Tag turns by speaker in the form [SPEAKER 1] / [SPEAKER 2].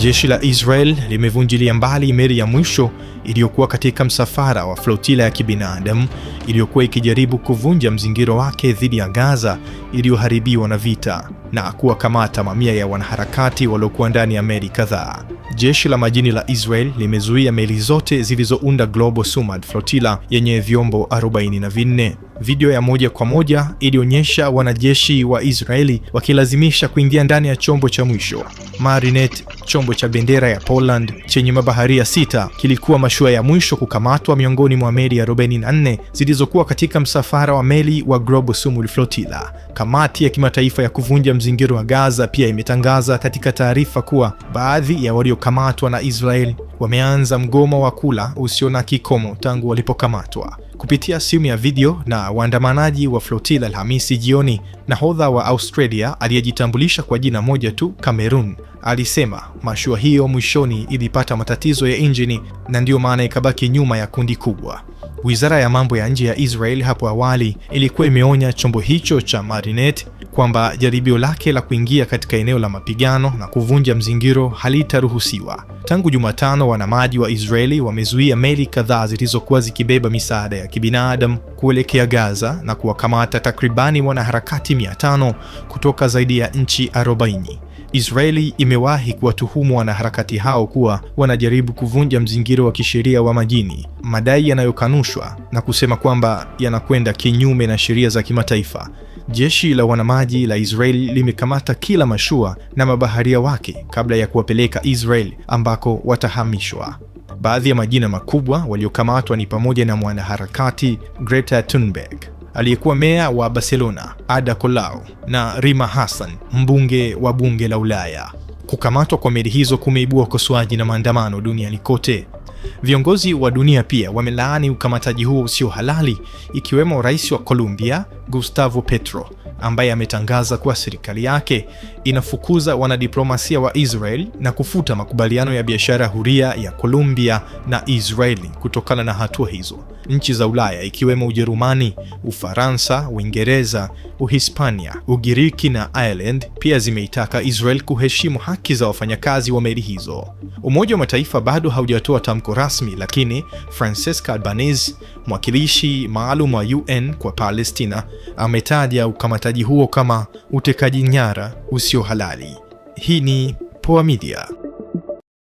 [SPEAKER 1] Jeshi la Israel limevunjilia mbali meli ya mwisho iliyokuwa katika msafara wa flotila ya kibinadamu iliyokuwa ikijaribu kuvunja mzingiro wake dhidi ya Gaza iliyoharibiwa na vita na kuwakamata mamia ya wanaharakati waliokuwa ndani ya meli kadhaa. Jeshi la majini la Israel limezuia meli zote zilizounda Global Sumud Flotilla yenye vyombo 44. Video ya moja kwa moja ilionyesha wanajeshi wa Israeli wakilazimisha kuingia ndani ya chombo cha mwisho. Marinet, chombo cha bendera ya Poland chenye mabaharia sita, kilikuwa mashua ya mwisho kukamatwa miongoni mwa meli 44 zilizokuwa katika msafara wa meli wa Global Sumud Flotilla. Kamati ya kimataifa ya kuvunja mzingiro wa Gaza pia imetangaza katika taarifa kuwa baadhi ya walio waliokamatwa na Israeli wameanza mgomo wa kula usio na kikomo tangu walipokamatwa. Kupitia simu ya video na waandamanaji wa Flotilla Alhamisi jioni, nahodha wa Australia aliyejitambulisha kwa jina moja tu, Cameroon, alisema mashua hiyo mwishoni ilipata matatizo ya injini na ndiyo maana ikabaki nyuma ya kundi kubwa. Wizara ya mambo ya nje ya Israel hapo awali ilikuwa imeonya chombo hicho cha Marinet kwamba jaribio lake la kuingia katika eneo la mapigano na kuvunja mzingiro halitaruhusiwa. Tangu Jumatano, wanamaji wa Israeli wamezuia meli kadhaa zilizokuwa zikibeba misaada ya kibinadamu kuelekea Gaza na kuwakamata takribani wanaharakati 500 kutoka zaidi ya nchi 40. Israeli imewahi kuwatuhumu wanaharakati hao kuwa wanajaribu kuvunja mzingiro wa kisheria wa majini, madai yanayokanushwa na kusema kwamba yanakwenda kinyume na sheria za kimataifa. Jeshi la wanamaji la Israeli limekamata kila mashua na mabaharia wake kabla ya kuwapeleka israel ambako watahamishwa. Baadhi ya majina makubwa waliokamatwa ni pamoja na mwanaharakati Greta Thunberg aliyekuwa meya wa Barcelona Ada Colau na Rima Hassan, mbunge wa bunge la Ulaya. Kukamatwa kwa meli hizo kumeibua ukosoaji na maandamano duniani kote. Viongozi wa dunia pia wamelaani ukamataji huo usio halali, ikiwemo rais wa Colombia Gustavo Petro ambaye ametangaza kuwa serikali yake inafukuza wanadiplomasia wa Israel na kufuta makubaliano ya biashara huria ya Colombia na Israeli kutokana na hatua hizo. Nchi za Ulaya ikiwemo Ujerumani, Ufaransa, Uingereza, Uhispania, Ugiriki na Ireland pia zimeitaka Israel kuheshimu haki za wafanyakazi wa meli hizo. Umoja wa Mataifa bado haujatoa tamko rasmi, lakini Francesca Albanese, mwakilishi maalum wa UN kwa Palestina, ametaja ukamata utekaji huo kama utekaji nyara usio halali. Hii ni Poa Media.